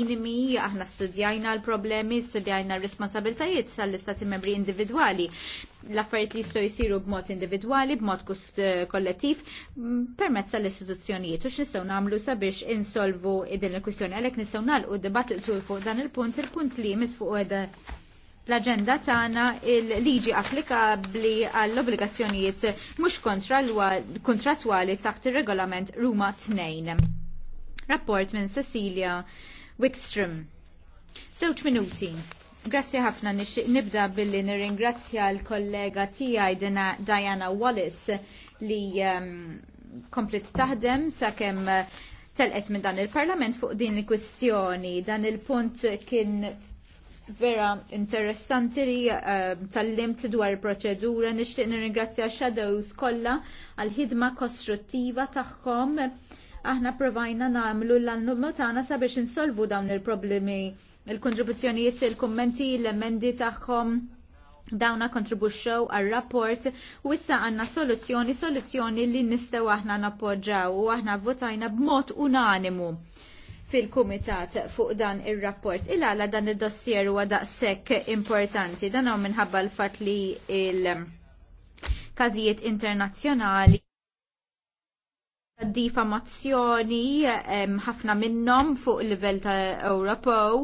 minimi, aħna studjajna l-problemi, studjajna l-responsabiltajiet tal-istati membri individuali. L-affarijiet li jistgħu jsiru b'mod individwali, b'mod kollettiv, mm, permezz tal-istituzzjonijiet. U x'nistgħu nagħmlu sabiex insolvu din il-kwistjoni għalhekk nistgħu nagħlqu dibattitu fuq dan il-punt, il-punt li jmiss fuq l-agenda tagħna il-liġi applikabbli għall-obbligazzjonijiet mhux kontrattwali taħt ir-regolament Ruma 2 rapport minn Cecilia Wickstrom. Sewċ minuti. Grazzi ħafna nixtieq nibda billi nirringrazzja l-kollega tiegħi Diana Wallace li ehm, komplet taħdem sakemm eh, telqet minn dan il-Parlament fuq din il-kwistjoni. Dan il-punt kien vera interessanti li uh, tal-limt dwar proċedura nixtieq nirringrazzja shadows kollha għal ħidma kostruttiva tagħhom aħna provajna namlu l annumma tagħna sabiex insolvu dawn il-problemi, il-kontribuzzjonijiet, il-kommenti, l-emendi tagħhom dawna kontribuxxew għal rapport u issa għandna soluzzjoni soluzzjoni li nistaw aħna nappoġġaw u aħna votajna b'mod unanimu fil-kumitat fuq dan ir-rapport. Il għala dan id-dossier huwa daqshekk importanti dan hawn minħabba l-fatt li il- każijiet internazzjonali diffamazzjoni ħafna minnhom fuq il-livell ta' Ewropew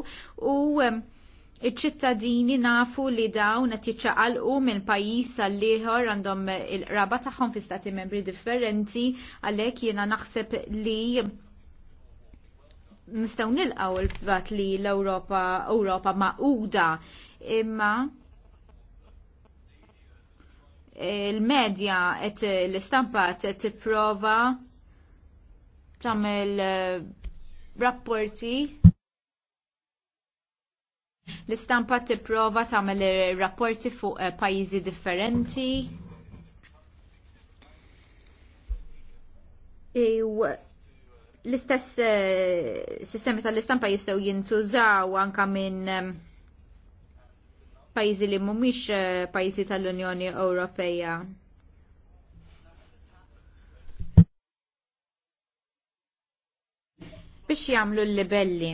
u iċ-ċittadini nafu li dawn qed jiċċaqalqu minn pajjiż għal ieħor għandhom il-qraba tagħhom fi stati membri differenti għalhekk jiena naħseb li nistgħu nilqgħu l-fatt li l-Ewropa Ewropa maquda imma il-medja qed l-istampa qed tipprova tamel eh, rapporti L-istampa tipprova tagħmel eh, rapporti fuq eh, pajjiżi differenti. Ew l-istess sistemi tal-istampa jistgħu jintużaw anke minn pajjiżi li mhumiex pajjiżi tal-Unjoni Ewropea. biex jagħmlu l-libelli.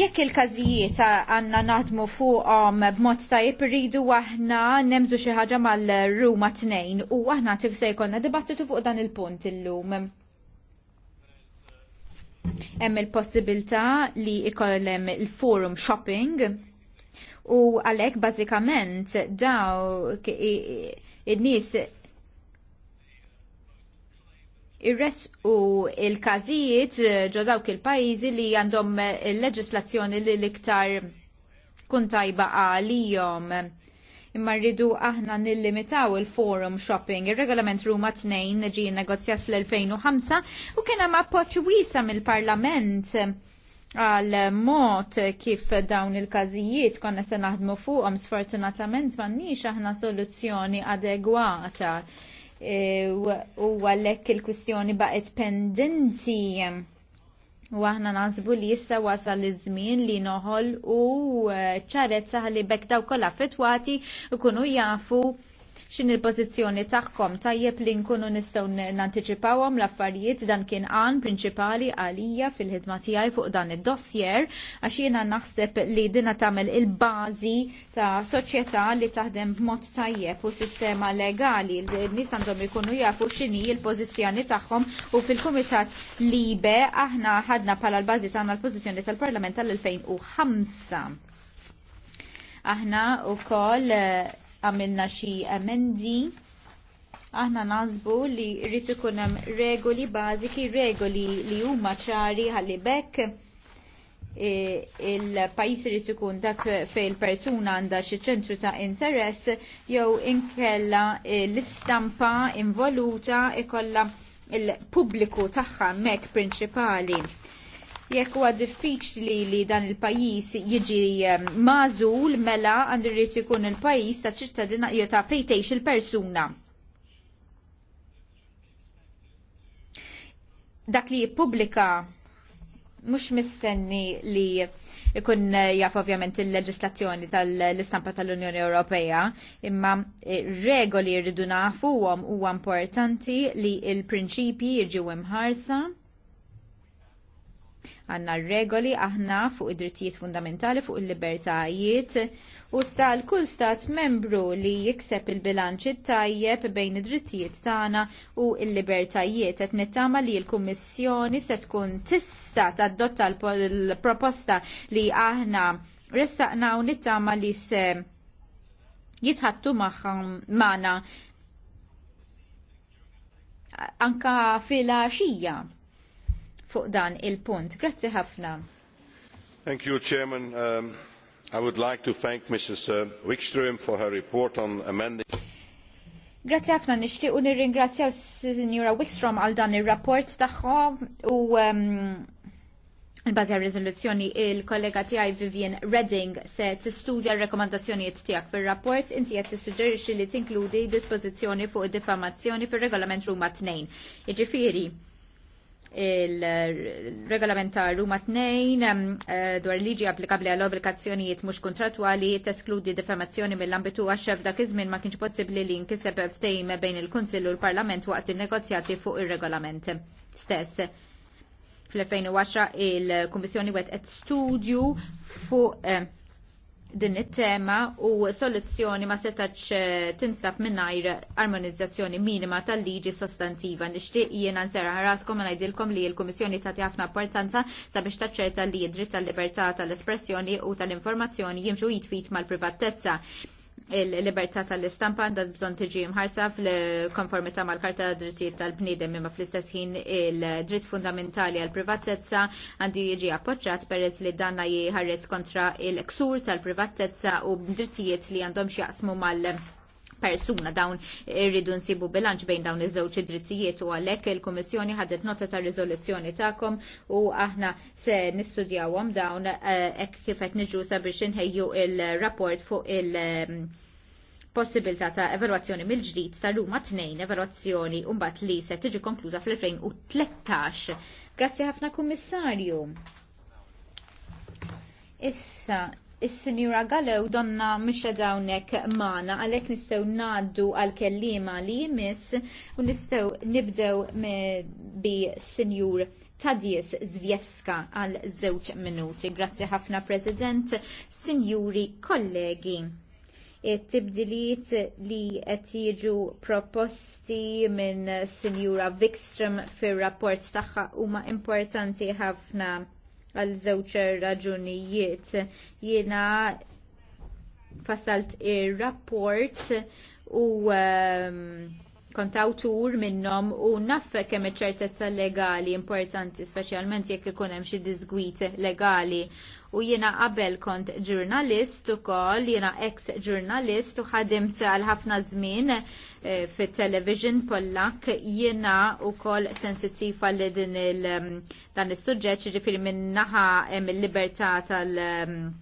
jekk il-każijiet għanna naħdmu fuqhom b'mod tajjeb rridu aħna nemżu xi ħaġa mal-ruma tnejn u aħna tif se jkollna dibattitu fuq dan il-punt illum. Hemm il-possibilità li ikollem il-forum shopping u għalhekk bażikament daw in-nies irres u il-kazijiet eh, ġo dawk il-pajizi li għandhom eh, il-leġislazzjoni li l-iktar kun tajba għalijom. Imma rridu aħna nillimitaw il-forum shopping. Il-regolament Ruma 2 ġi negozjat fl-2005 u kena ma poċ wisa mill-parlament għal mod kif dawn il-każijiet konna se naħdmu fuqhom sfortunatament m'għandniex aħna soluzzjoni adegwata e, u għalhekk il-kwistjoni baqgħet pendenti u aħna naħsbu li issa wasal iż-żmien li noħol u e, ċarezza ħalli bekk daw kollha fitwati ikunu jafu xin il-pozizjoni taħkom tajjeb li nkunu nistaw nantiċipawam l-affarijiet dan kien għan prinċipali għalija fil-ħidma tijaj fuq dan id-dossier għax jena naħseb li dina tamel il-bazi ta' soċjetà li taħdem b'mod tajjeb u sistema legali l-nis għandhom ikunu jafu xini il-pozizjoni taħħom u fil-komitat libe aħna ħadna pala l-bazi tagħna l-pozizjoni tal-Parlament tal-2005. Aħna u koll għamilna xi emendi. Aħna nazbu li rrid ikun hemm regoli bażiki, regoli li huma ċari ħalli bekk e, il-pajis rrid ikun dak fej il-persuna għandha xi ċentru ta' interess jew inkella l-istampa involuta ikolla il-pubbliku tagħha mek prinċipali Jekk huwa diffiċli li dan il-pajjiż jiġi ehm, mażul mela għandu rrid ikun il-pajjiż ta' ċittadina jew ta' fejtejx il-persuna. Dak li jippubblika mhux mistenni li ikun jaf ovvjament il-leġislazzjoni tal-istampa tal-Unjoni Ewropea, imma regoli rridu nafuhom huwa importanti li l prinċipji jiġu imħarsa Għanna regoli aħna fuq id-drittijiet fundamentali fuq il-libertajiet u sta l-kull stat membru li jikseb il-bilanċ tajjeb bejn id-drittijiet tagħna u l-libertajiet qed nittama li l-Kummissjoni se tkun tista' tadotta l-proposta li aħna ressaqna u nittama li se jitħattu maħna anka fil għaxija fuq dan il-punt. Grazzi ħafna. Thank you, Chairman. Um, I would like to thank Mrs. Uh, Wickström for her report on amending. Grazzi ħafna nixtieq u nirringrazzjaw Sinjura Wickstrom għal dan ir-rapport tagħhom u um, il-bażi riżoluzzjoni il-kollega tiegħi Vivian Redding se tistudja r-rekomandazzjonijiet tiegħek fir-rapport inti qed tissuġġerixxi li tinkludi dispożizzjoni fuq id-diffamazzjoni fir-regolament Ruma 2. Jiġifieri, il-regolamentar Ruma 2 eh, dwar liġi applikabli għal obbligazzjonijiet mhux kontratwali teskludi defamazzjoni mill-ambitu għaxxef dak iż-żmien ma kienx possibbli li nkiseb ftehim bejn il-Kunsill u l-Parlament waqt il-negozjati fuq ir-regolament stess. Fl-2010 il-Kummissjoni wet studju fuq din it-tema u soluzzjoni ma setax eh, tinstab minnajr armonizzazzjoni minima tal-liġi sostantiva. Nixtieq jiena nserra ħaraskom ma ngħidilkom li l-Kummissjoni tagħti ħafna importanza sabiex taċċerta li id-dritt tal-libertà tal-espressjoni u tal-informazzjoni jimxu jitfit mal-privatezza il-libertà tal-istampa għandha bżonn tiġi mħarsa fil-konformità mal-Karta Drittijiet tal-Bniedem imma fl-istess ħin il-dritt fundamentali għal privatezza għandu jiġi appoġġjat peress li danna jħares kontra il-ksur tal-privatezza u drittijiet li għandhom x'jaqsmu mal- persuna dawn irridu nsibu bilanċ bejn dawn iż-żewġ id-drittijiet u għalhekk il-Kummissjoni ħadet nota ta' riżoluzzjoni tagħkom u aħna se nistudjawhom dawn eh, hekk kif qed niġu sabiex inħejju il-rapport fuq il- ehm, possibilità ta' evalwazzjoni mill-ġdid ta' Ruma evaluazzjoni evalwazzjoni mbagħad li se tiġi konkluża fl-2013. Grazzi ħafna Kummissarju. Issa Is-Sinjura Galew donna mxa dawnek magħna għalhekk nistgħu ngħaddu għal kelliema li jmiss u nistgħu nibdew bi Sinjur Tadjes Zvjeska għal żewġ minuti. Grazzi ħafna President, Sinjuri kollegi. It-tibdiliet li qed jiġu proposti minn Sinjura Vikstrom fir-rapport tagħha huma importanti ħafna għal żewġ raġunijiet. Jiena fasalt ir-rapport u um, kont awtur minnhom u naf kemm iċ-ċertezza legali importanti speċjalment jekk ikun hemm xi diżgwit legali. U jiena qabel kont ġurnalist ukoll, jiena ex ġurnalist u ħadimt għal ħafna żmien eh, fit television Pollak jiena wkoll sensittiv għal din il mm, dan is-suġġett ġifieri min naħa il libertà tal- mm,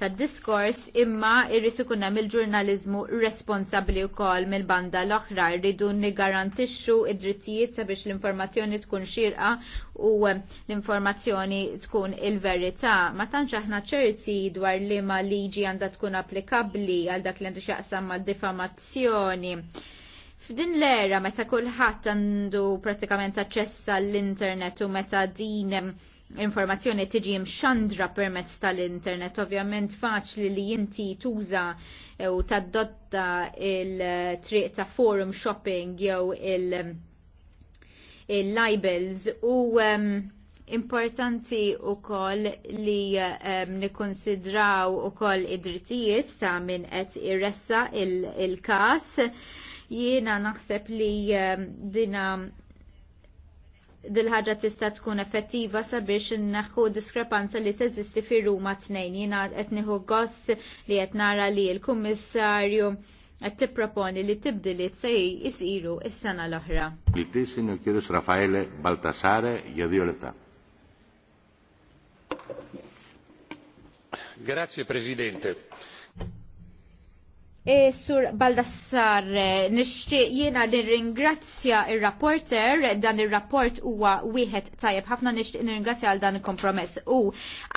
ta' diskors imma irrid ikun hemm il-ġurnaliżmu responsabbli wkoll mill-banda l-oħra rridu niggarantixxu id-drittijiet sabiex l-informazzjoni tkun xirqa u l-informazzjoni tkun il-verità. Ma tantx aħna ċerti dwar li ma liġi għandha tkun applikabbli għal dak li għandu x'jaqsam mad-diffamazzjoni. F'din l-era meta kulħadd għandu pratikament aċċess għall-internet u meta din informazzjoni tiġi mxandra permezz tal-internet, ovvjament faċli li inti tuża eh, u tadotta il-triq ta' forum shopping jew il-libels u um, importanti u koll li um, nikonsidraw u koll id-drittijiet ta' minn qed irressa il-kas il kas jiena naħseb li ehm, dina dil-ħagġa tista' tkun effettiva sabiex naħħu diskrepanza li teżisti fir Ruma tnejn. Jiena qed nieħu gost li qed nara li l-Kummissarju qed tipproponi li tibdiliet se jisiru s-sena l-oħra. Rafaele Baltasare jadio l Grazie Presidente. E, sur Baldassar, nixtieq jiena nirringrazzja il rapporter dan ir-rapport huwa wieħed tajjeb ħafna nixtieq nirringrazzja għal dan il-kompromess. U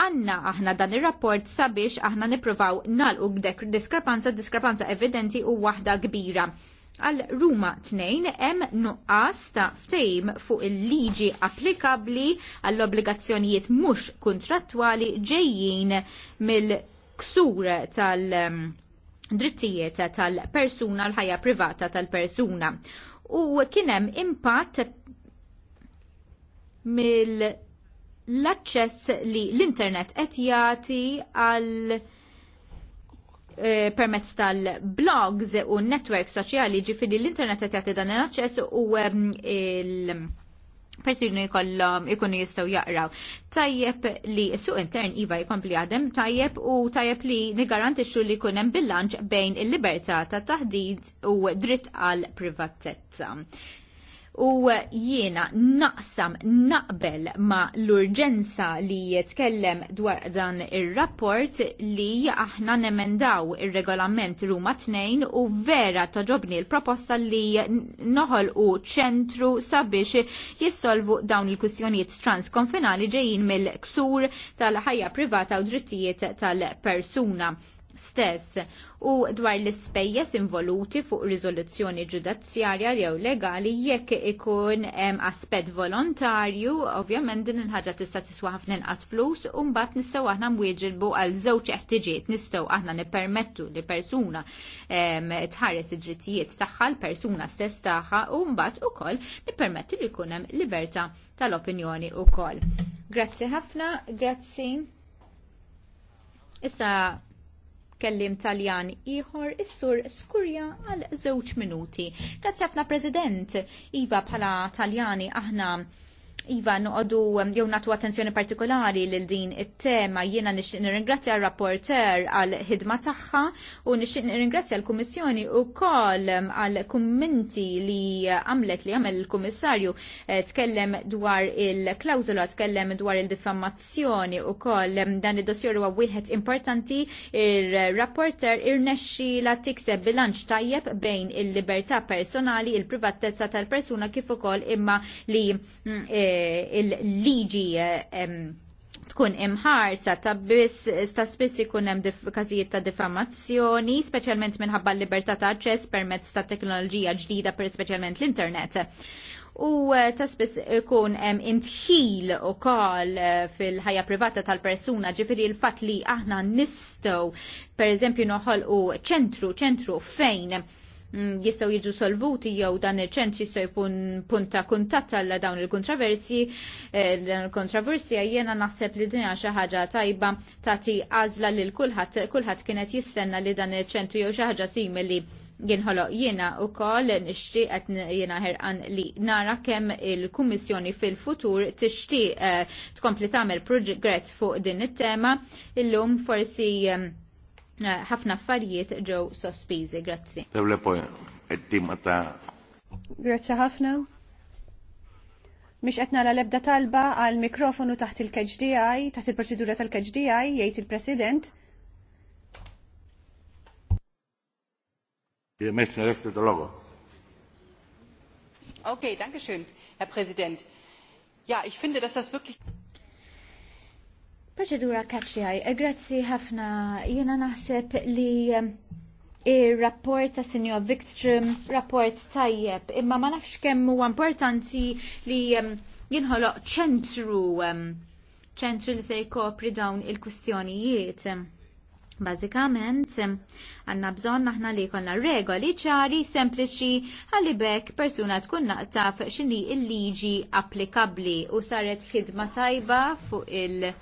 għanna aħna dan ir-rapport sabiex aħna nippruvaw nagħlqu diskrepanza, diskrepanza evidenti u waħda kbira. Għal Ruma 2 hemm nuqqas ta' ftejm fuq il-liġi applikabbli għall-obbligazzjonijiet mhux kontrattwali ġejjin mill-ksur tal- drittijiet tal-persuna l-ħajja privata tal-persuna. U kienem impatt mill l-aċċess li l-internet qed jagħti għal eh, permezz tal-blogs u n netwerk soċjali ġifiri l-internet qed jagħti dan l-aċċess u ehm, il- persuni kollom ikunu jistaw jaqraw. Tajjeb li suq intern iva jkompli għadem, tajjeb u tajjeb li nigarantixxu li kunem bilanċ bejn il-libertà ta' taħdid u dritt għal privatezza u jiena naqsam naqbel ma l-urġenza li jitkellem dwar dan ir-rapport li aħna nemendaw ir-regolament Ruma 2 u vera toġobni l-proposta li noħol u ċentru sabiex jissolvu dawn il-kwistjonijiet transkonfinali ġejjin mill-ksur tal-ħajja privata u drittijiet tal-persuna stess u dwar l-ispejjeż involuti fuq riżoluzzjoni ġudizzjarja jew legali jekk ikun hemm aspett volontarju, ovvjament din il-ħaġa tista' tiswa ħafna inqas flus u mbagħad nistgħu aħna mwieġilbu għal żewġ eħtiġiet nistgħu aħna nippermettu li persuna tħares id-drittijiet tagħha l-persuna stess tagħha u mbagħad ukoll nippermettu li jkun hemm libertà tal-opinjoni ukoll. Grazzi ħafna, grazzi. Issa kellim taljan ieħor is-sur Skurja għal żewġ minuti. Grazzi ħafna President, Iva bħala Taljani aħna Iva, noqodu um, jew natu attenzjoni partikolari lil din it-tema jiena nixtieq nirringrazzja r-rapporter għal ħidma tagħha u nixtieq nirringrazzja l-Kummissjoni wkoll um, għal kummenti li għamlet li għamel il-Kummissarju eh, tkellem dwar il-klawżola, tkellem dwar il-diffamazzjoni ukoll um, dan id-dossier huwa wieħed importanti ir-rapporter irnexxi la tikseb bilanċ tajjeb bejn il-libertà personali, il-privatezza tal-persuna kif ukoll imma li mm, eh, Eh, il-liġi eh, tkun imħarsa ta' ta' spiss ikun hemm każijiet ta' diffamazzjoni, speċjalment minħabba l-libertà ta' aċċess permezz ta' teknoloġija ġdida per speċjalment l-internet. U eh, ta' spiss ikun hemm intħil ukoll fil-ħajja privata tal-persuna, ġifieri l-fatt li aħna nistgħu pereżempju noħolqu ċentru, ċentru fejn Mm, jistgħu jiġu solvuti jew dan il-ċent jistaw jkun punta kuntatt għal dawn eh, il-kontraversi, dawn il-kontroversja jiena naħseb li dinja xi ħaġa tajba tagħti għażla lil kulħadd kulħadd kienet jistenna li dan il-ċentru jew xi ħaġa simili jinħolo jiena u kol nishti għet jena ħerqan li nara kem il-Kummissjoni fil-futur tishti eh, tkompli tamel progress fuq din it-tema illum forsi eh, ħafna affarijiet ġew sospiżi. Grazzi. Grazzi ħafna. Mish qed nara l-ebda talba għal mikrofonu taħt il-KHDI, taħt il-proċedura tal-KHDI, jgħid il-President. Okay, danke schön, Herr Präsident. Ja, ich finde, dass das wirklich... Proċedura kaċċjaj, e, grazzi ħafna. Jena naħseb li il rapport ta' Sinjor Vikstrom, rapport tajjeb, imma ma nafx kemm huwa importanti li jinħoloq ċentru ċentru li se jkopri dawn il-kwistjonijiet. Bażikament, għanna bżonn aħna li jkollna regoli ċari, sempliċi, għalli bekk persuna tkun naqtaf x'inhi l liġi applikabbli u saret ħidma tajba fuq il-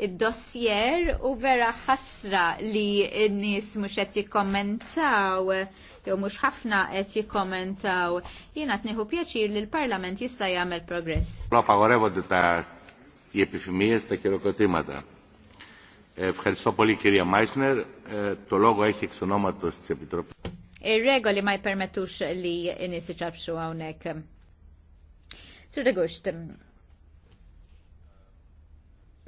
id-dossier u vera ħasra li n-nis mux għet jikommentaw, jew mux ħafna għet jikommentaw. Jina t-niħu pjaċir li l-parlament jista jgħamil progress. La favorevo ta' jiepi jepifimijas ta' kierokotimata. kotimata. πολύ κυρία Μάισνερ. Το λόγο έχει εξ ονόματος της Επιτροπής. Ir-regoli ma jpermetux li n nisi iċabxu għawnek. Tridegusht,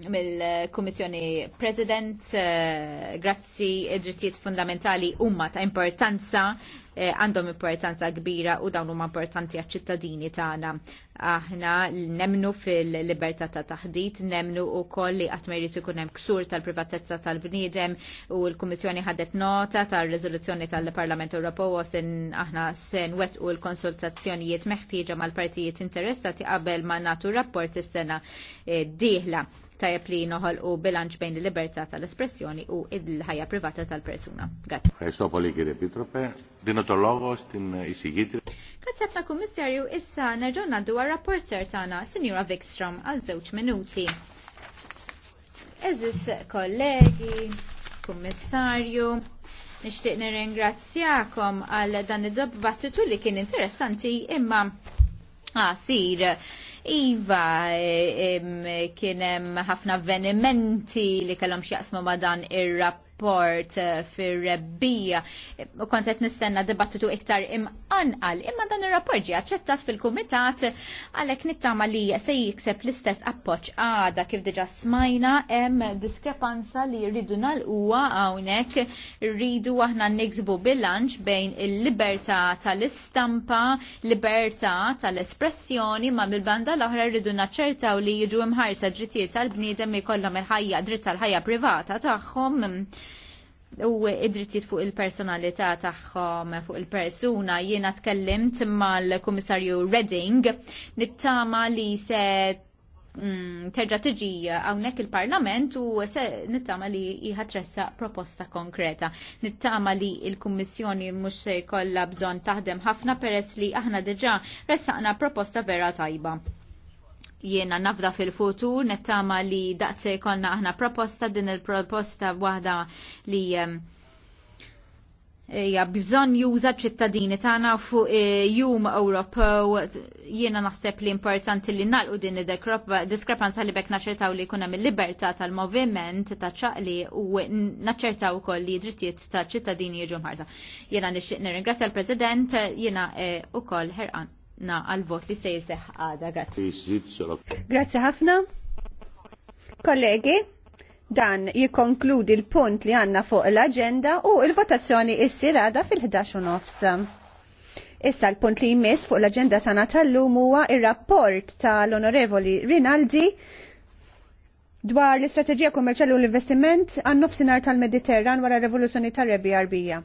mill-Kummissjoni President, eh, grazzi id-drittijiet fundamentali huma ta' importanza, eh, għandhom importanza kbira u dawn huma importanti għax ċittadini tagħna. Aħna nemnu fil-libertà ta' taħdit, nemnu u koll li qatt ma ikun hemm ksur tal-privatezza tal-bniedem u l-Kummissjoni ħadet nota tar-riżoluzzjoni tal-Parlament Ewropew sen aħna sen u l-konsultazzjonijiet meħtieġa mal-partijiet interessati qabel ma nagħtu rapport is-sena eh, dieħla tajjeb li noħolqu bilanċ bejn il-libertà tal-espressjoni u il-ħajja privata tal-persuna. Grazie. Ħajstopoli kiri Pitrope, dinotologo stin isigitri. Grazie għafna kummissarju, issa nerġonna naddu għal rapporter tagħna, Sinjura Vikstrom, għal żewġ minuti. Eżis kollegi, kummissarju, nixtieq nirringrazzjakom għal dan id-dibattitu li kien interessanti imma għasir. Ah, Iva, kienem ħafna avvenimenti li kellhom x'jaqsmu ma' dan ir-rapport rapport eh, fir-rebbija u kont qed nistenna dibattitu iktar imqanqal imma dan ir-rapport ġie aċċettat fil-kumitat għalhekk nittama li se jikseb l-istess appoġġ għada kif diġà smajna hemm diskrepanza li rridu nalquha hawnhekk rridu aħna niksbu bilanċ bejn il-libertà tal-istampa, libertà tal-espressjoni ma mill-banda l-oħra rridu naċċertaw li jiġu imħarsa drittijiet tal-bniedem ikollhom il-ħajja dritt tal-ħajja privata tagħhom u id fuq il-personalità tagħhom fuq il-persuna jiena tkellimt mal-Kummissarju Redding nittama li se mm, terġa' tiġi hawnhekk il-Parlament u se nittama li jħatressa proposta konkreta. Nittama li il-Kummissjoni mhux se jkollha bżonn taħdem ħafna peress li aħna diġà ressaqna proposta vera tajba jiena nafda fil-futur, nettama li daqse konna aħna proposta, din il-proposta waħda li Ja, bżon juża ċittadini tagħna fuq e, jum Ewropew jiena naħseb li importanti li nalqu din id-diskrepanza li bekk naċċertaw li jkun hemm il-libertà tal-moviment ta' ċaqli u naċċertaw ukoll li drittijiet ta' ċittadini jiġu mħarsa. Jiena nixtieq nirringrazzja l-President, jiena wkoll e, ħerqan na għal-vot li se jiseħ għada, grazie. Grazzi ħafna. Kollegi, dan jikonkludi l-punt li għanna fuq l-agenda u il-votazzjoni issir għada fil-11 nofs. Issa l-punt li jmiss fuq l-agenda tana tal-lum huwa ir-rapport tal-Onorevoli Rinaldi dwar l istrategija kummerċjali u l-investiment għan nofsinhar tal-Mediterran wara r-Revoluzzjoni tar-Rebija Arbija.